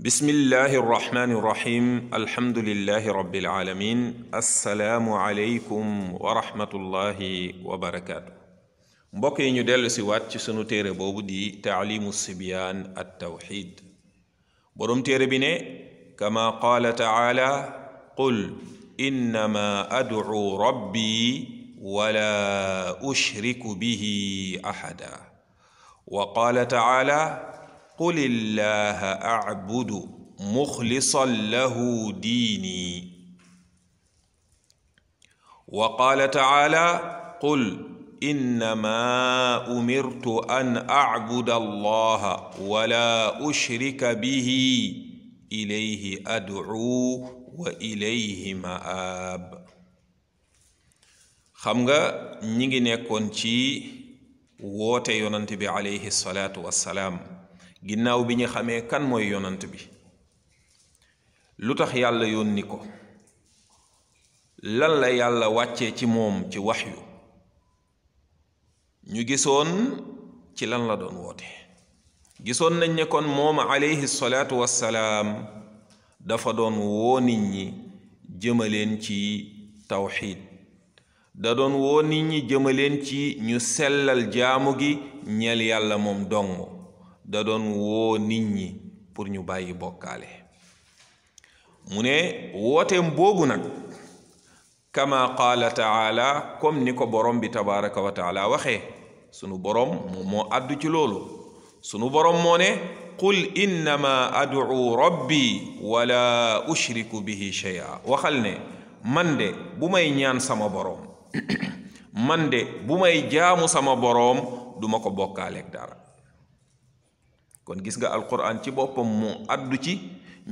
بسم الله الرحمن الرحيم الحمد لله رب العالمين السلام عليكم ورحمة الله وبركاته مبكي ينو دل سيوات تسنو تيري تعليم السبيان التوحيد بروم تيري بني كما قال تعالى قل إنما أدعو ربي ولا أشرك به أحدا وقال تعالى قل الله أعبد مخلصا له ديني وقال تعالى قل إنما أمرت أن أعبد الله ولا أشرك به إليه أدعو وإليه مآب خمغا نيجي نيكون تي ووتي yonante bi الصلاة والسلام ginnaaw bi ñu xamee kan mooy yonant bi lu tax yàlla yónni ko lan la yàlla wàccee ci moom ci wax yu ñu gisoon ci lan la doon woote gisoon nañ ne kon moom aleyhi salaatu wassalaam dafa doon woo ñi jëmaleen ci tawxiid da doon woo ñi jëmaleen ci ñu sellal jaamu gi ñel yàlla moom dong dadoon doon woo nit ñi pour ñu bàyyi bokkaale mu ne wooteem boobu nag kama qaala taala comme ni ko borom bi tabaraka wa taala waxee sunu borom moom moo àddu ci loolu sunu borom moo ne qul innama ad'u rabbi wala ushriku bihi shay'a waxal ne man de bu may ñaan sama boroom man de bu may jaamu sama borom duma ko bokkaaleeg dara kon gis nga alquran ci boppam mu addu ci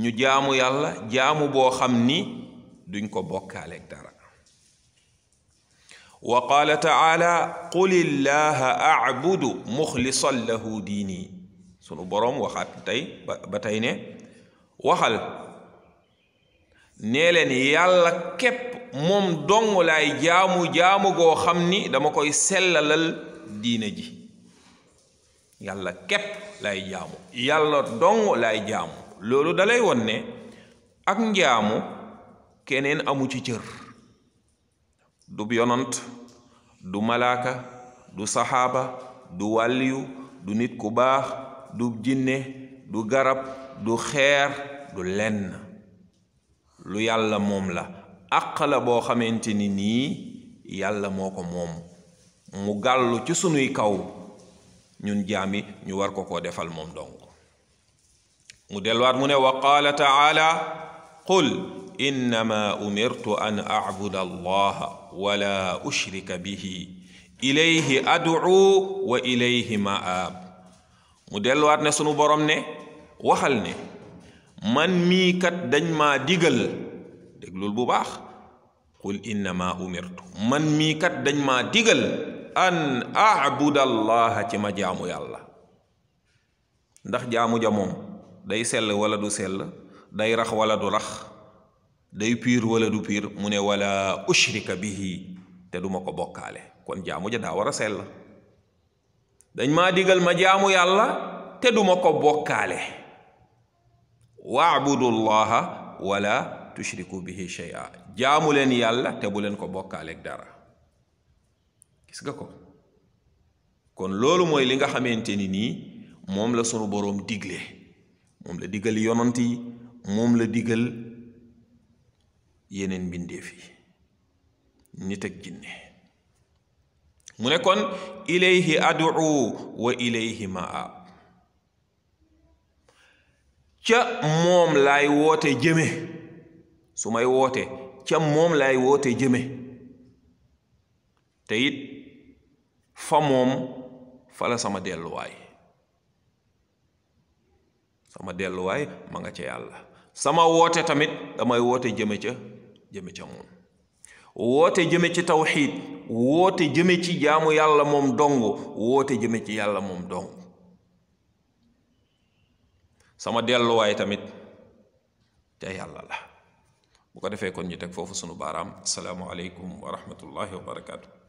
ñu jaamu yàlla jaamu boo xam ni duñ ko bokkaaleeg dara wa qaala taala qul illaha abudu muxlisan lahu diini sunu boroom waxaat tey ba tey ne waxal nee leen yàlla képp moom dong laay jaamu jaamu goo xam ni dama koy sellalal diine ji yàlla képp lay jaamu yàlla dong lay jaamu loolu dalay won ne ak njaamu keneen amu ci cër du yonant du malaaka du saxaaba du wàlliyu du nit ku baax du jinné du garab du xeer du lenn lu yàlla moom la àq la boo xamante ni nii yàlla moo ko moom mu gàllu ci sunuy kaw ñun jami ñu war ko ko defal mom donc mu delluwaat mu ne wa qala taala qul innama umirtu an a'budu allaha wa la ushrika bihi ilayhi ad'u wa ilayhi ma'ab mu delluwaat ne sunu borom ne waxal ne man mi kat dañ ma digal déglul bu bax qul innama umirtu man mii kat dañ maa digal أن أعبد الله كما جامو يلا ده جامو جموم ده يسل ولا دو سل ده يرخ ولا دو رخ ده يبير ولا دو بير من ولا أشرك به تدو مكو بوكاله كون جامو جدا ورا سل دنج ما ديغل ما جامو يلا تدو مكو بوكاله واعبد الله ولا تشرك به شيئا جامو لن يلا تبولن كو بوكاله دارا gis nga ko kon loolu mooy li nga xamante ni nii moom la sunu boroom digle moom la digal yonant yi moom la digal yeneen mbindeef yi nit ak jinne mu ne kon ilayhi adu wa ilayhi maab ca moom laay woote jëme su may woote ca moom lay woote jëme te fa mom fa la sama way sama way ma nga ci yalla sama wote tamit damay wote jeme ci jeme ci mom wote jeme ci tawhid wote jeme ci jaamu yalla mom dong wote jeme ci yalla mom dong sama way tamit ci yalla la bu ko defé kon ñu tek fofu sunu assalamu alaykum wa rahmatullahi wa barakatuh